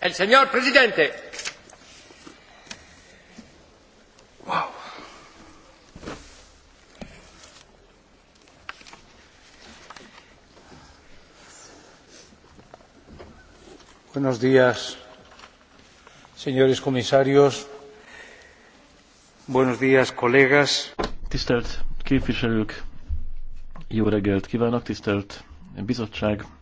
El señor presidente. Wow. Buenos días, señores comisarios. Buenos días, colegas. Tisztelt képviselők, jó reggelt kívánok, tisztelt bizottság,